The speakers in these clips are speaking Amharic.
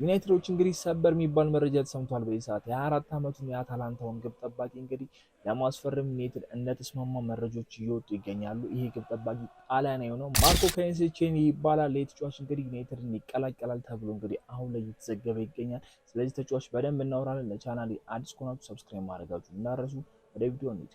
ዩናይትዶች እንግዲህ ሰበር የሚባል መረጃ ተሰምቷል። በዚህ ሰዓት የ ዓመቱን የአታላንታውን ግብ ጠባቂ እንግዲህ ለማስፈረም ዩናይትድ እንደተስማማ መረጃዎች እየወጡ ይገኛሉ። ይሄ ግብ ጠባቂ ጣሊያናዊ ነው፣ ማርኮ ካይንስቼን ይባላል። የተጫዋች እንግዲህ ዩናይትድን ይቀላቀላል ተብሎ እንግዲህ አሁን ላይ እየተዘገበ ይገኛል። ስለዚህ ተጫዋች በደንብ እናወራለን። ለቻናል አዲስ ከሆናችሁ ሰብስክራይብ ማድረጋችሁ እናረሱ። ወደ ቪዲዮ እንሂድ።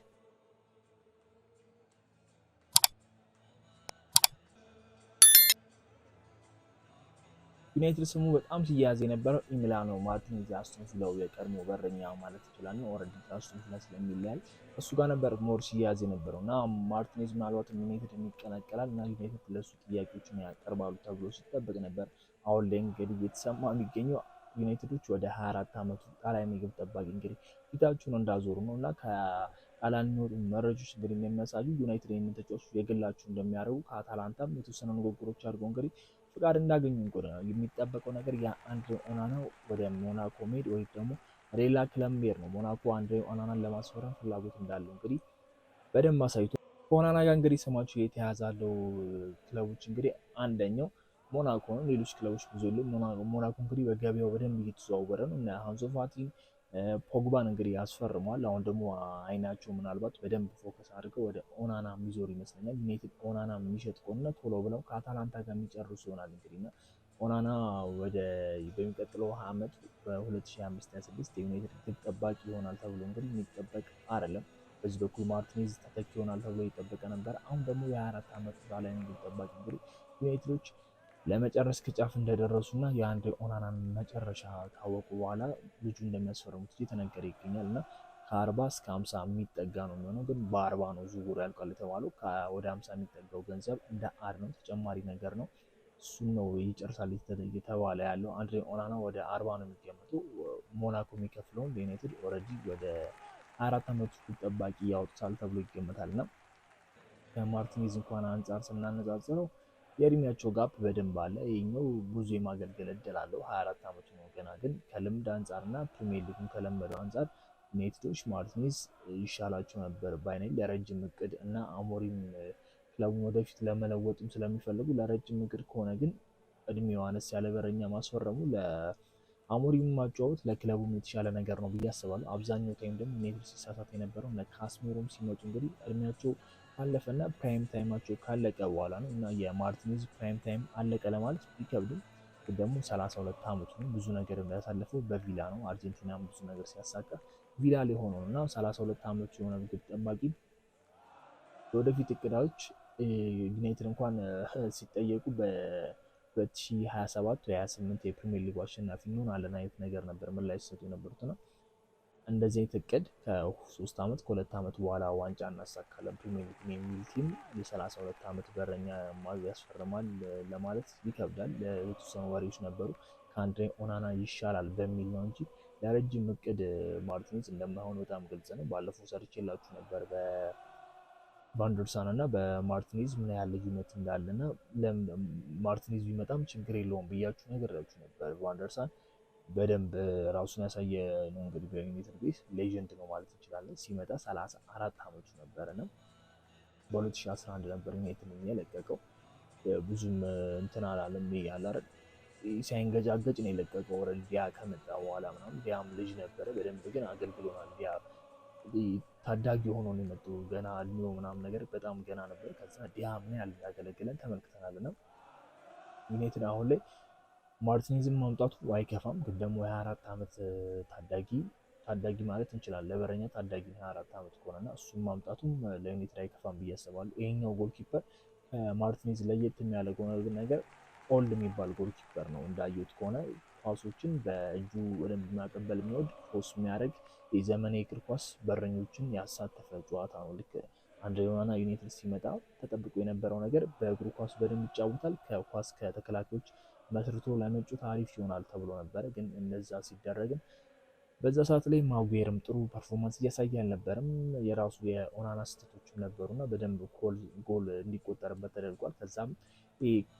ዩናይትድ ስሙ በጣም ሲያያዝ የነበረው ኢሚሊያኖ ማርቲኔዝ የአስቶን ቪላው የቀድሞ በረኛ ማለት ይችላል ነው ኦልሬዲ አስቶን ቪላ ስለሚለያል እሱ ጋር ነበር ሞር ሲያያዝ የነበረው እና ማርቲኔዝ ምናልባትም ዩናይትድ የሚቀላቀላል እና ዩናይትድ ለሱ ጥያቄዎችን ያቀርባሉ ተብሎ ሲጠበቅ ነበር። አሁን ላይ እንግዲህ እየተሰማ የሚገኘው ዩናይትዶች ወደ 24 ዓመቱ ጣሊያን ምግብ ጠባቂ እንግዲህ ፊታቸውን እንዳዞሩ ነው እና ከጣሊያን የሚወጡ መረጃዎች እንግዲህ የሚያሳዩ ዩናይትድ ይህንን ተጫዋች የግላቸው እንደሚያደርጉ ከአታላንታም የተወሰነ ንግግሮች አድርገው እንግዲህ ፍቃድ እንዳገኙ እንቁር ነው የሚጠበቀው ነገር የአንድሬ ኦናና ወደ ሞናኮ መሄድ ወይም ደግሞ ሌላ ክለብ መሄድ ነው። ሞናኮ አንድሬ ኦናናን ለማስፈረም ፍላጎት እንዳለው እንግዲህ በደንብ አሳይቶ ከኦናና ጋር እንግዲህ ስማቸው የተያዛለው ክለቦች እንግዲህ አንደኛው ሞናኮ ነው። ሌሎች ክለቦች ብዙ የሉም። ሞናኮ እንግዲህ በገበያው በደንብ እየተዘዋወረ ነው እና ሃንዞ ፋቲን ፖግባን እንግዲህ አስፈርሟል። አሁን ደግሞ አይናቸው ምናልባት በደንብ ፎከስ አድርገው ወደ ኦናና የሚዞር ይመስለኛል። ዩናይትድ ኦናና የሚሸጥ ከሆነ ቶሎ ብለው ከአታላንታ ጋር የሚጨርሱ ይሆናል እንግዲህ እና ኦናና ወደ በሚቀጥለው ዓመት በ2025/26 የዩናይትድ ግብ ጠባቂ ይሆናል ተብሎ እንግዲህ የሚጠበቅ አይደለም። በዚህ በኩል ማርቲኔዝ ተተኪ ይሆናል ተብሎ ይጠበቀ ነበር። አሁን ደግሞ የ24 ዓመት ባላይ ግብ ጠባቂ እንግዲህ ዩናይትዶች ለመጨረስ ከጫፍ እንደደረሱና የአንድ ኦናና መጨረሻ ካወቁ በኋላ ልጁ እንደሚያስፈርሙት እየተነገረ ይገኛል እና ከአርባ እስከ ሀምሳ የሚጠጋ ነው የሚሆነው። ግን በአርባ ነው ዝውውሩ ያልቋል የተባለው። ወደ ሀምሳ የሚጠጋው ገንዘብ እንደ አድ ነው ተጨማሪ ነገር ነው። እሱን ነው ይጨርሳል እየተባለ ያለው። አንድ ኦናና ወደ አርባ ነው የሚገመቱ። ሞናኮ የሚከፍለውን በዩናይትድ ኦልሬዲ ወደ አራት ዓመት ጠባቂ ያወጡታል ተብሎ ይገመታል እና ከማርቲኔዝ እንኳን አንጻር ስናነጻጽረው የእድሜያቸው ጋፕ በደንብ አለ። ይህኛው ብዙ የማገልገል እድል አለው። 24 ዓመቱ ነው ገና። ግን ከልምድ አንጻርና ፕሪሚየር ሊጉን ከለመደው አንጻር ዩናይትዶች ማርቲኔዝ ይሻላቸው ነበር ባይነኝ ለረጅም እቅድ እና አሞሪም ክለቡን ወደፊት ለመለወጥም ስለሚፈልጉ ለረጅም እቅድ ከሆነ ግን እድሜው አነስ ያለ በረኛ ማስፈረሙ ለአሞሪም ማጫወት ለክለቡም የተሻለ ነገር ነው ብዬ አስባለሁ። አብዛኛው ታይም ደግሞ ዩናይትድ ሲሳሳት የነበረው እነ ካስሜሮም ሲመጡ እንግዲህ እድሜያቸው ካለፈና ፕራይም ታይማቸው ካለቀ በኋላ ነው እና የማርቲኔዝ ፕራይም ታይም አለቀ ለማለት ቢከብድም ግን ደግሞ 32 ዓመቱ ነው። ብዙ ነገር ያሳለፈው በቪላ ነው። አርጀንቲናም ብዙ ነገር ሲያሳካ ቪላ ላይ ሆኖ ነው እና 32 ዓመቱ የሆነ ግብ ጠባቂ የወደፊት እቅዳዎች ዩናይትድ እንኳን ሲጠየቁ በ2027 28 የፕሪሚየር ሊጉ አሸናፊ እንሆናለን አይነት ነገር ነበር ምላሽ ሲሰጡ የነበሩት ነው። እንደዚህ አይነት እቅድ ከሶስት ዓመት ከሁለት ዓመት በኋላ ዋንጫ እናሳካለን ፕሪሚየር ሊግ የሚል ቲም የሰላሳ ሁለት ዓመት በረኛ ያስፈርማል ለማለት ይከብዳል። የተወሰኑ ወሬዎች ነበሩ ከአንድሬ ኦናና ይሻላል በሚል ነው እንጂ ለረጅም እቅድ ማርቲኔዝ እንደማይሆን በጣም ግልጽ ነው። ባለፈው ሰርቼላችሁ ነበር በቫንደርሳን እና በማርቲኒዝ ምን ያህል ልዩነት እንዳለና ማርቲኒዝ ቢመጣም ችግር የለውም ብያችሁ ነገር ነገራችሁ ነበር ቫንደርሳን በደንብ ራሱን ያሳየ ነው። እንግዲህ በዩናይትድ ቤት ሌጀንድ ነው ማለት እንችላለን። ሲመጣ 34 ዓመቱ ነበር ነው። በ2011 ነበር ዩናይትድን የለቀቀው። ብዙም እንትን አላለም ያለ ሳይንገጃገጭ ነው የለቀቀው። ወረ ዲያ ከመጣ በኋላ ምናምን ዲያም ልጅ ነበረ በደንብ ግን አገልግሎናል። ዲያ ታዳጊ ሆኖ ነው የመጣው ገና እድሜው ምናምን ነገር በጣም ገና ነበር። ከዛ ዲያ ምን ያህል ያገለግለን ተመልክተናል። እና ዩናይትድ አሁን ላይ ማርቲኒዝም ማምጣቱ አይከፋም፣ ግን ደግሞ የ24 ዓመት ታዳጊ ታዳጊ ማለት እንችላለን። ለበረኛ ታዳጊ 24 ዓመት ከሆነና እሱም ማምጣቱም ለዩኒትድ አይከፋም ብዬ አስባለሁ። ይሄኛው ጎልኪፐር ማርቲኒዝ ለየት የሚያደርገው ነገር ኦልድ የሚባል ጎልኪፐር ነው። እንዳየሁት ከሆነ ኳሶችን በእጁ በደንብ ማቀበል የሚወድ ፖስ የሚያደርግ የዘመን የእግር ኳስ በረኞችን ያሳተፈ ጨዋታ ነው። ልክ አንድ አንድሬና ዩኒትድ ሲመጣ ተጠብቆ የነበረው ነገር በእግሩ ኳስ በደንብ ይጫወታል። ከኳስ ከተከላካዮች መስርቶ ለመጩት አሪፍ ይሆናል ተብሎ ነበረ። ግን እነዛ ሲደረግም በዛ ሰዓት ላይ ማዌርም ጥሩ ፐርፎርማንስ እያሳየ አልነበርም። የራሱ የኦናና ስህተቶችም ነበሩና በደንብ ጎል እንዲቆጠርበት ተደርጓል። ከዛም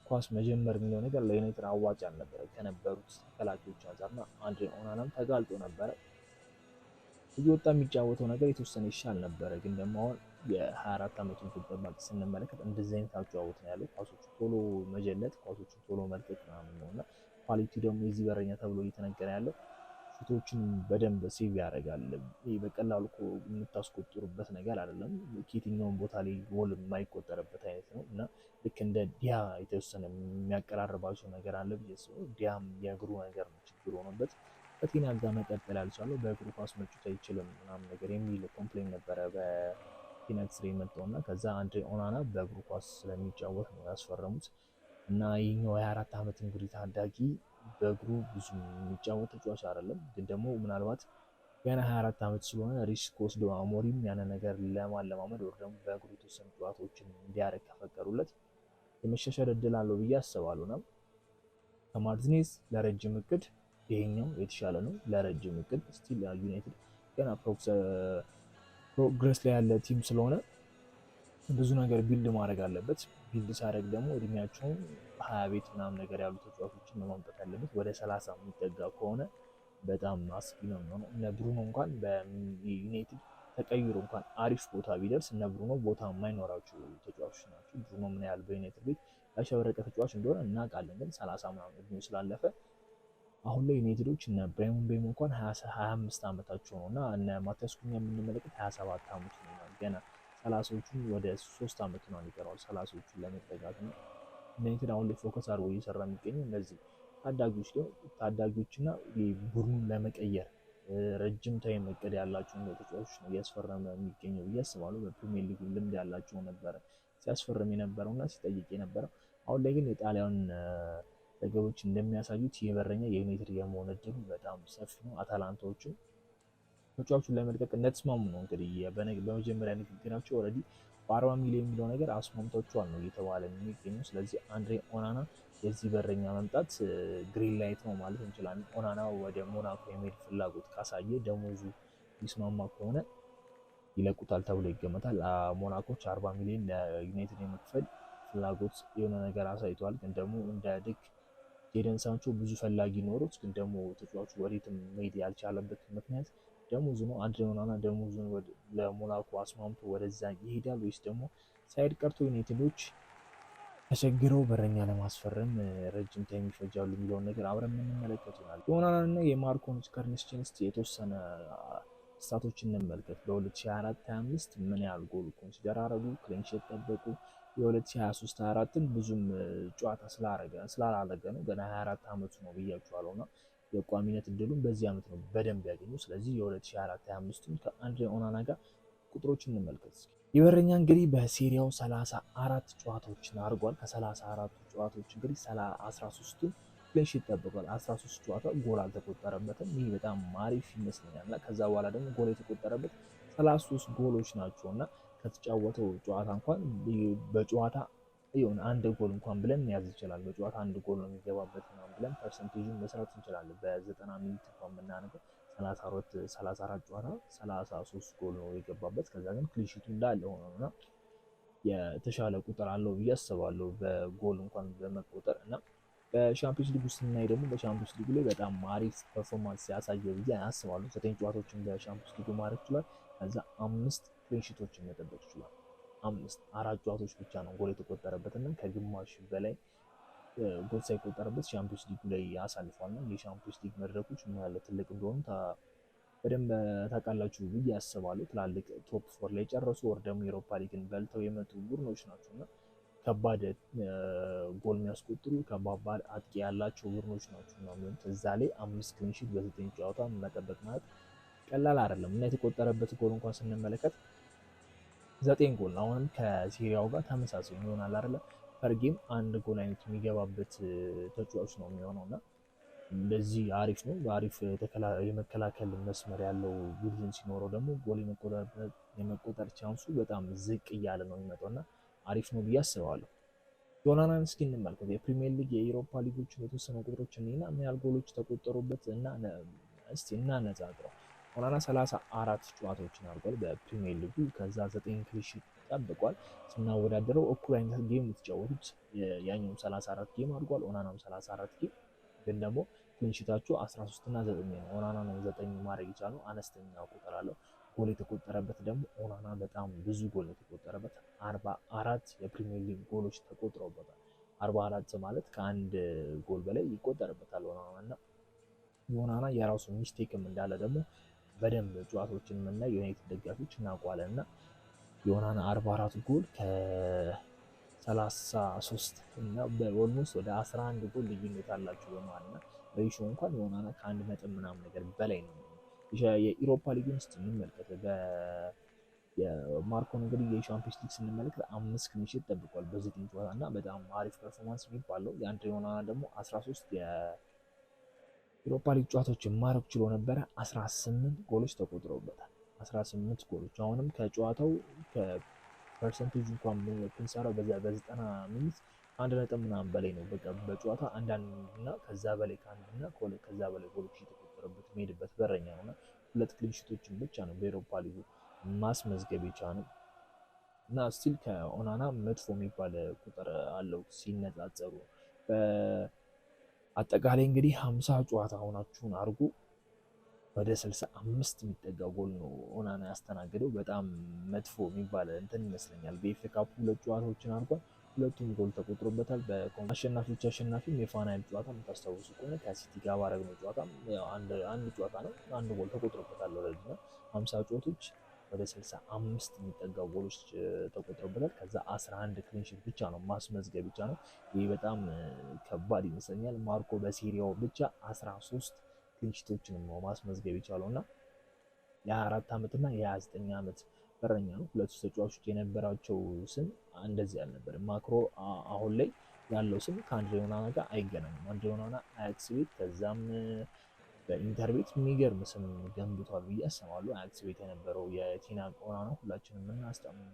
ኳስ መጀመር የሚለው ነገር ለዩናይትድ አዋጭ አልነበረ ከነበሩት ተከላኪዎች አንጻርና አንድ ኦናናም ተጋልጦ ነበረ። እየወጣ የሚጫወተው ነገር የተወሰነ ይሻል ነበረ ግን ደግሞ አሁን የ24 ዓመቱን ኢትዮጵያ ባንክ ስንመለከት እንደዚህ አይነት አጨዋወት ነው ያለው። ኳሶቹ ቶሎ መጀለጥ፣ ኳሶቹ ቶሎ መልቀቅ ምናምን ነው እና ኳሊቲ ደግሞ የዚህ በረኛ ተብሎ እየተነገረ ያለው ፊቶችን በደንብ ሴቭ ያደርጋል። ይህ በቀላሉ የምታስቆጥሩበት ነገር አይደለም። ከየትኛውም ቦታ ላይ ጎል የማይቆጠርበት አይነት ነው እና ልክ እንደ ዲያ የተወሰነ የሚያቀራርባቸው ነገር አለ ብዬ ሲሆን ዲያም የእግሩ ነገር ነው ችግር ሆኖበት በቴና ጋር መቀጠል ያልቻለው በእግሩ ኳስ መጫወት አይችልም ምናምን ነገር የሚል ኮምፕሌን ነበረ በ ፒናት ስሬ መጣውና ከዛ አንድ ኦናና በእግሩ ኳስ ስለሚጫወት ነው ያስፈረሙት። እና ይህኛው የ24 ዓመት እንግዲህ ታዳጊ በእግሩ ብዙ የሚጫወት ተጫዋች አይደለም፣ ግን ደግሞ ምናልባት ገና 24 ዓመት ስለሆነ ሪስክ ወስዶ አሞሪም ያነ ነገር ለማለማመድ ወር ደግሞ በእግሩ የተወሰኑ ጨዋታዎችን እንዲያደርግ ከፈቀዱለት የመሻሻል እድል አለው ብዬ አስባለሁ። ነው ከማርቲኔዝ ለረጅም እቅድ ይሄኛው የተሻለ ነው። ለረጅም እቅድ ስቲል ዩናይትድ ገና ፕሮግረስ ላይ ያለ ቲም ስለሆነ ብዙ ነገር ቢልድ ማድረግ አለበት። ቢልድ ሲያደረግ ደግሞ እድሜያቸውን ሀያ ቤት ምናምን ነገር ያሉ ተጫዋቾችን ለማምጣት አለበት። ወደ ሰላሳ የሚጠጋ ከሆነ በጣም አስጊ ነው የሚሆነው። እነ ብሩኖ እንኳን በዩናይትድ ተቀይሮ እንኳን አሪፍ ቦታ ቢደርስ እነ ብሩኖ ቦታ የማይኖራቸው ተጫዋቾች ናቸው። ብሩኖ ምን ያህል በዩናይትድ ቤት ያሸበረቀ ተጫዋች እንደሆነ እናውቃለን። ግን ሰላሳ ምናምን እድሜ ስላለፈ አሁን ላይ ዩናይትዶች እነ ብሪያን ቤም እንኳን ሀያ አምስት ዓመታቸው ነው እና እነ ማቲያስ ኩኛ የምንመለከት ሀያ ሰባት ዓመቱ ነው ገና ሰላሳዎቹን ወደ ሶስት ዓመት ነው ይቀረዋል ሰላሳዎቹን ለመጠጋት ነው። ዩናይትድ አሁን ላይ ፎከስ አድርጎ እየሰራ የሚገኘው እነዚህ ታዳጊዎች ነው። ታዳጊዎችና ቡድኑን ለመቀየር ረጅም ታይም እቅድ ያላቸውን ተጫዋቾች ነው እያስፈረመ የሚገኘው ብዬ አስባለሁ። በፕሪሚየር ሊጉ ልምድ ያላቸው ነበረ ሲያስፈርም የነበረው እና ሲጠይቅ የነበረው አሁን ላይ ግን የጣሊያን ዘገቦች እንደሚያሳዩት ይህ በረኛ የዩናይትድ የመሆን እድሉ በጣም ሰፊ ነው። አታላንታዎቹ ተጫዋቹን ለመልቀቅ እንደተስማሙ ነው። እንግዲህ በመጀመሪያ ንግግራቸው ኦልሬዲ በአርባ ሚሊዮን የሚለው ነገር አስማምታችኋል ነው እየተባለ የሚገኙ። ስለዚህ አንድሬ ኦናና የዚህ በረኛ መምጣት ግሪን ላይት ነው ማለት እንችላለን። ኦናና ወደ ሞናኮ የሚሄድ ፍላጎት ካሳየ ደሞዙ ይስማማ ከሆነ ይለቁታል ተብሎ ይገመታል። ሞናኮች አርባ ሚሊዮን ለዩናይትድ የመክፈል ፍላጎት የሆነ ነገር አሳይተዋል። ግን ደግሞ እንደ ድግ ጄደን ሳንቾ ብዙ ፈላጊ ኖሮት ግን ደግሞ ተጫዋቹ ወዴትም መሄድ ያልቻለበት ምክንያት ደሞዙ ነው። አንድሬ ኦናና ደሞዙን ለሞናኮ አስማምቶ ወደዛ ይሄዳል ወይስ ደግሞ ሳይድ ቀርቶ ዩናይትዶች ተቸግረው በረኛ ለማስፈረም ረጅም ታይም ይፈጃሉ የሚለውን ነገር አብረን የምንመለከት ይሆናል። የኦናናና የማርኮን ከርንስቼንስ የተወሰነ ስታቶች እንመልከት። በ2024/25 ምን ያህል ጎል ኮንሲደር አረጉ፣ ክሊንሺት ጠበቁ። የ2023/24ን ብዙም ጨዋታ ስላላረገ ነው ገና 24 ዓመቱ ነው ብያችኋለሁ ና የቋሚነት እድሉን በዚህ ዓመት ነው በደንብ ያገኙ። ስለዚህ የ2024/25ቱን ከአንድሬ ኦናና ጋር ቁጥሮች እንመልከት። ይበረኛ እንግዲህ በሴሪያው 34 ጨዋታዎችን አድርጓል። ከ34 ጨዋታዎች እንግዲህ 13ቱን ፍሌሽ ይጠበቃል። 13 ጨዋታ ጎል አልተቆጠረበትም። ይህ በጣም አሪፍ ይመስለኛል እና ከዛ በኋላ ደግሞ ጎል የተቆጠረበት 33 ጎሎች ናቸው እና ከተጫወተው ጨዋታ እንኳን በጨዋታ የሆነ አንድ ጎል እንኳን ብለን መያዝ ይችላል። በጨዋታ አንድ ጎል ነው የሚገባበት ምናምን ብለን ፐርሰንቴጁን መስራት እንችላለን። በዘጠና ሚኒት እንኳን የምናነገው ሰላሳ አራት ሰላሳ አራት ጨዋታ ሰላሳ ሶስት ጎል ነው የገባበት። ከዛ ግን ክሊንሺቱ እንዳለ ሆኖ እና የተሻለ ቁጥር አለው ብዬ አስባለሁ በጎል እንኳን በመቆጠር እና በሻምፒዮንስ ሊጉ ስናይ ደግሞ በሻምፒዮንስ ሊጉ ላይ በጣም አሪፍ ፐርፎርማንስ ያሳየ ብዬ አስባለሁ። ዘጠኝ ጨዋታዎችን በሻምፒዮንስ ሊጉ ማድረግ ችሏል። ከዛ አምስት ክሊንሺቶችን መጠበቅ ችሏል። አምስት አራት ጨዋታዎች ብቻ ነው ጎል የተቆጠረበት እና ከግማሽ በላይ ጎል ሳይቆጠረበት ሻምፒዮንስ ሊጉ ላይ ና የሻምፒዮንስ ሊግ መድረኮች ምን ያለ ትልቅ እንደሆኑ በደንብ ታውቃላችሁ ብዬ አስባለሁ። ትላልቅ ቶፕ ፎር ላይ ጨረሱ ወር ደግሞ ኤሮፓ ሊግን በልተው የመጡ ቡድኖች ናቸው እና ከባድ ጎል የሚያስቆጥሩ ከባባድ አጥቂ ያላቸው ቡድኖች ናቸው እና እዛ ላይ አምስት ክሊንሺት በዘጠኝ ጨዋታ መጠበቅ ማለት ቀላል አይደለም እና የተቆጠረበት ጎል እንኳን ስንመለከት ዘጠኝ ጎል አሁንም ከሲሪያው ጋር ተመሳሳይ ይሆናል አይደለ ፈርጌም አንድ ጎል አይነት የሚገባበት ተጫዋች ነው የሚሆነው እና እንደዚህ አሪፍ ነው። በአሪፍ የመከላከል መስመር ያለው ቡድን ሲኖረው ደግሞ ጎል የመቆጠር ቻንሱ በጣም ዝቅ እያለ ነው የሚመጣው እና አሪፍ ነው ብዬ አስባለሁ። ጆናናን እስኪ እንመልከት። የፕሪሚየር ሊግ የኢሮፓ ሊጎችን የተወሰኑ ቁጥሮች እና ምን ያህል ጎሎች ተቆጠሩበት እና እስቲ እናነጻጥረው። ኦናና 34 ጨዋታዎችን አድርጓል በፕሪሚየር ሊጉ ከዛ 9 ክሊንሺት ጠብቋል። ስናወዳደረው እኩል አይነት ጌም የተጫወቱት ያኛውም 34 ጌም አድርጓል፣ ኦናናም 34 ጌም። ግን ደግሞ ክሊንሽታቸው 13 እና 9 ነው። ኦናና ነው 9 ማድረግ የቻለው አነስተኛ ቁጥር አለው። ጎል የተቆጠረበት ደግሞ ኦናና በጣም ብዙ ጎል የተቆጠረበት አርባ አራት የፕሪሚየር ሊግ ጎሎች ተቆጥረውበታል። አርባ አራት ማለት ከአንድ ጎል በላይ ይቆጠርበታል ኦናና እና ኦናና የራሱ ሚስቴክም እንዳለ ደግሞ በደንብ ጨዋታዎችን የምና የዩናይትድ ደጋፊዎች እናውቋለን እና የኦናና አርባ አራት ጎል ከሰላሳ ሶስት እና በኦልሞስት ወደ አስራ አንድ ጎል ልዩነት አላቸው በመሀል እና በይሾ እንኳን የኦናና ከአንድ ነጥብ ምናምን ነገር በላይ ነው የኢሮፓ ሊግን ስንመለከት የማርኮን እንግዲህ የሻምፒዮንስ ሊግ ስንመለከት አምስት ክንሽት ጠብቋል በዘጠኝ ጨዋታ እና በጣም አሪፍ ፐርፎርማንስ የሚባለው የአንድሬ ኦናና ደግሞ አስራ ሶስት የኢሮፓ ሊግ ጨዋታዎችን ማረግ ችሎ ነበረ። አስራ ስምንት ጎሎች ተቆጥረውበታል። ስምንት ጎሎች አሁንም ከጨዋታው ከፐርሰንቴጅ እንኳን ብንሰራው በዚያ በዘጠና ሚኒት አንድ ነጥብ ምናምን በላይ ነው በጨዋታ አንዳንድ እና ከዛ በላይ ከአንድ እና ከዛ በላይ ጎሎች ተፈጥሮበት የሚሄድበት በረኛ ነው እና ሁለት ክሊንሽቶችን ብቻ ነው በኤሮፓ ሊጉ ማስመዝገብ የቻለው እና ስቲል ከኦናና መጥፎ የሚባል ቁጥር አለው ሲነጻጸሩ አጠቃላይ እንግዲህ ሀምሳ ጨዋታ ሆናችሁን አድርጎ ወደ ስልሳ አምስት የሚጠጋ ጎል ነው ኦናና ያስተናገደው። በጣም መጥፎ የሚባል እንትን ይመስለኛል። በኤፍ ካፕ ሁለት ጨዋታዎችን አድርጓል። ሁለቱም ጎል ተቆጥሮበታል። አሸናፊዎች አሸናፊም የፋናይል ጨዋታ የምታስታውሱ ከሆነ ከሲቲ ጋር ባረግነው ጨዋታ አንድ ጨዋታ ነው፣ አንድ ጎል ተቆጥሮበታል። ረጅ ነው ሀምሳ ጨዋቶች ወደ ስልሳ አምስት የሚጠጋ ጎሎች ተቆጥሮበታል። ከዛ አስራ አንድ ክሊንሺት ብቻ ነው ማስመዝገብ ብቻ ነው። ይህ በጣም ከባድ ይመስለኛል። ማርኮ በሴሪያው ብቻ አስራ ሶስት ክሊንሺቶችን ማስመዝገብ የቻለው እና የሀያ አራት ዓመት እና የሀያ ዘጠኝ ዓመት በረኛ ነው። ሁለቱ ተጫዋቾች የነበራቸው ስም እንደዚህ አልነበርም። ማክሮ አሁን ላይ ያለው ስም ከአንድሬ ኦናና ጋር አይገናኝም። አንድሬ ኦናና አያክስ ቤት ከዛም በኢንተር ቤት የሚገርም ስም ገንብቷል ብዬ አስባለሁ። አያክስ ቤት የነበረው የቴና ኦናና ሁላችንም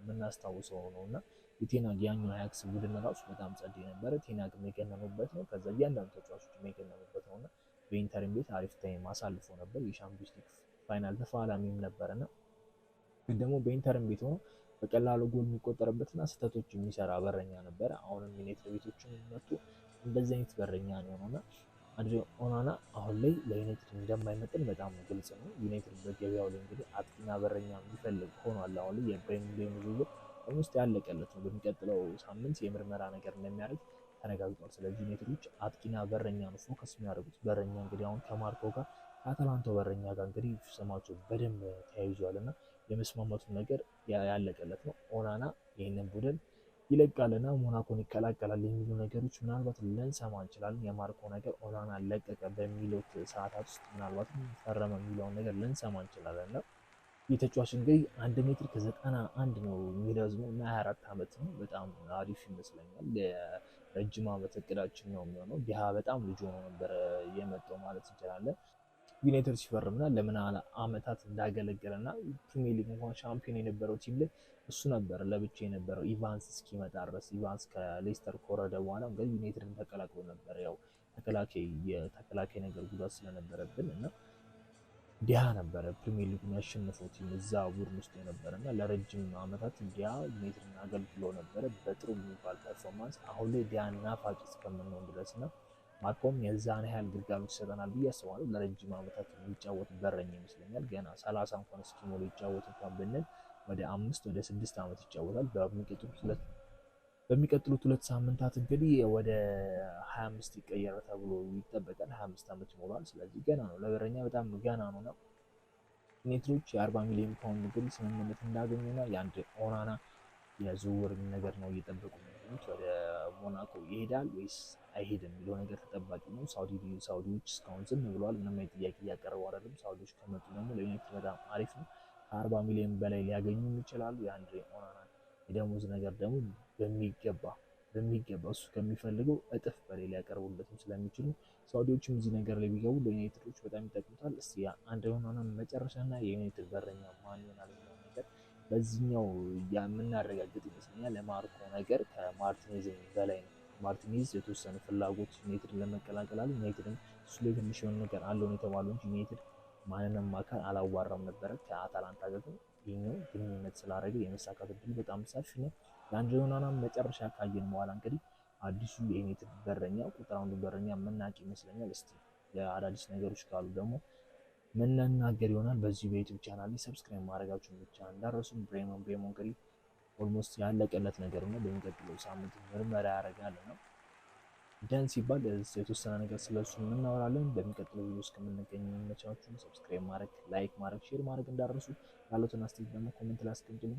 የምናስታውሰው ነው እና የቴና ያኛው አያክስ ቡድን ራሱ በጣም ጸድ የነበረ ቴና የገነኑበት ነው። ከዛ እያንዳንዱ ተጫዋቾች የገነኑበት ነው እና በኢንተርም ቤት አሪፍ ታይም አሳልፎ ነበር። የሻምፒዮንስ ሊግ ፋይናል ተፋላሚም ነበር ነበረና ግን ደግሞ በኢንተርም ቤት ሆኖ በቀላሉ ጎል የሚቆጠርበትና ስህተቶች የሚሰራ በረኛ ነበረ። አሁንም ዩናይትዶችን የሚመጡ እንደዚህ አይነት በረኛ ነው የሆነና አንድሬ ኦናና አሁን ላይ ለዩናይትድ እንደማይመጥን በጣም ግልጽ ነው። ዩናይትድ በገበያው ላይ እንግዲህ አጥቂና በረኛ የሚፈልግ ሆኗል። አሁን ላይ የብሬን ሚሊዮን ዝውውር ውስጥ ያለቀለት ነው። በሚቀጥለው ሳምንት የምርመራ ነገር እንደሚያደርግ ተረጋግጧል። ስለዚህ ዩናይትዶች አጥቂና በረኛ ነው ፎከስ የሚያደርጉት። በረኛ እንግዲህ አሁን ከማርኮ ጋር ከአታላንቶ በረኛ ጋር እንግዲህ ስማቸው በደንብ ተያይዟል እና የመስማማቱ ነገር ያለቀለት ነው። ኦናና ይህንን ቡድን ይለቃልና ሞናኮን ይቀላቀላል የሚሉ ነገሮች ምናልባት ልንሰማ እንችላለን። የማርኮ ነገር ኦናና ለቀቀ በሚሉት ሰዓታት ውስጥ ምናልባት ፈረመ የሚለውን ነገር ልንሰማ እንችላለን። እና የተጫዋች እንግዲህ አንድ ሜትር ከዘጠና አንድ ነው የሚረዝመው እና አራት ዓመት ነው። በጣም አሪፍ ይመስለኛል። ለረጅም ዓመት እቅዳችን ነው የሚሆነው። ዲሃ በጣም ልጅ ሆኖ ነበረ የመጣው ማለት እንችላለን። ዩናይትድ ሲፈርምና ለምን አመታት እንዳገለገለና ፕሪሚየር ሊግ እንኳን ሻምፒዮን የነበረው ቲም ላይ እሱ ነበር ለብቻ የነበረው ኢቫንስ እስኪመጣ ድረስ። ኢቫንስ ከሌስተር ከወረደ በኋላ እንግዲህ ዩናይትድን ተቀላቅሎ ነበር። ያው ተከላካይ የተከላካይ ነገር ጉዳት ስለነበረብን እና ዲያ ነበረ ፕሪሚየር ሊጉን ያሸነፈው ቲም እዛ ቡድን ውስጥ የነበረ እና ለረጅም አመታት ዲያ ዩናይትድን አገልግሎ ነበረ በጥሩ የሚባል ፐርፎርማንስ። አሁን ላይ ዲያ ናፋቂ እስከምንሆን ድረስ ነው ማቆም የዛን ያህል ግልጋሎት ይሰጠናል ብዬ አስባለሁ። ለረጅም ዓመታት የሚጫወት በረኛ ይመስለኛል። ገና ሰላሳ እንኳን እስኪሞሉ ይጫወት እንኳን ብንል ወደ አምስት ወደ ስድስት ዓመት ይጫወታል። በሚቀጥሉት ሁለት በሚቀጥሉት ሁለት ሳምንታት እንግዲህ ወደ ሀያ አምስት ይቀየራል ተብሎ ይጠበቃል። ሀያ አምስት ዓመት ይሞላል። ስለዚህ ገና ነው፣ ለበረኛ በጣም ገና ነው ነው ኔትሮች የአርባ ሚሊዮን ፓውንድ ግን ስምምነት እንዳገኙና የአንድ ኦናና የዝውውር ነገር ነው እየጠበቁ የሚገኙት። ወደ ሞናኮ ይሄዳል ወይስ አይሄድም የሚለው ነገር ተጠባቂ ነው። ሳውዲዎች እስካሁን ዝም ብለዋል። ምንም አይነት ጥያቄ እያቀረቡ አይደለም። ሳውዲዎች ከመጡ ደግሞ ለዩናይትድ በጣም አሪፍ ነው። ከአርባ ሚሊዮን በላይ ሊያገኙ ይችላሉ። የአንድሬ ኦናና የደሞዝ ነገር ደግሞ በሚገባ በሚገባ እሱ ከሚፈልገው እጥፍ በላይ ሊያቀርቡለትም ስለሚችሉ ሳውዲዎችም እዚህ ነገር ላይ ቢገቡ ለዩናይትዶች በጣም ይጠቅሙታል። እስቲ አንድሬ ኦናና መጨረሻና የዩናይትድ በረኛ ማን ይሆናል? ነው በዚህኛው የምናረጋግጥ ይመስለኛል ለማርኮ ነገር ከማርቲኒዝ በላይ ነው። ማርቲኒዝ የተወሰኑ ፍላጎት ዩናይትድ ለመቀላቀል አለ። ዩናይትድም እሱ ላይ ትንሽ የሆነ ነገር አለውን የተባለው እንጂ ዩናይትድ ማንንም አካል አላዋራም ነበረ። ከአታላንታ ጋር ይህኛው ግንኙነት ስላደረገ የመሳካት እድል በጣም ሰፊ ነው። ለአንድ ሆናና መጨረሻ ካየን በኋላ እንግዲህ አዲሱ የዩናይትድ በረኛ ቁጥር አንዱ በረኛ መናቅ ይመስለኛል። እስቲ የአዳዲስ ነገሮች ካሉ ደግሞ ምን ይሆናል በዚህ በዩቲዩብ ቻናል ላይ ሰብስክራይብ ማድረጋችሁን ብቻ እንዳረሱም። ብሬሞን ብሬሞን እንግዲህ ኦልሞስት ያለቀለት ነገር ነው። በሚቀጥለው ሳምንት ምርመራ ያደርጋል ነው ደን ሲባል የተወሰነ ነገር ስለሱ እናወራለን። በሚቀጥለው ቪዲዮ እስከምንገኝ የሚመቻችሁ ሰብስክራይብ ማድረግ፣ ላይክ ማድረግ፣ ሼር ማድረግ እንዳረሱ። ያሉትን አስተያየት ደግሞ ኮሜንት ላይ አስቀምጡልኝ።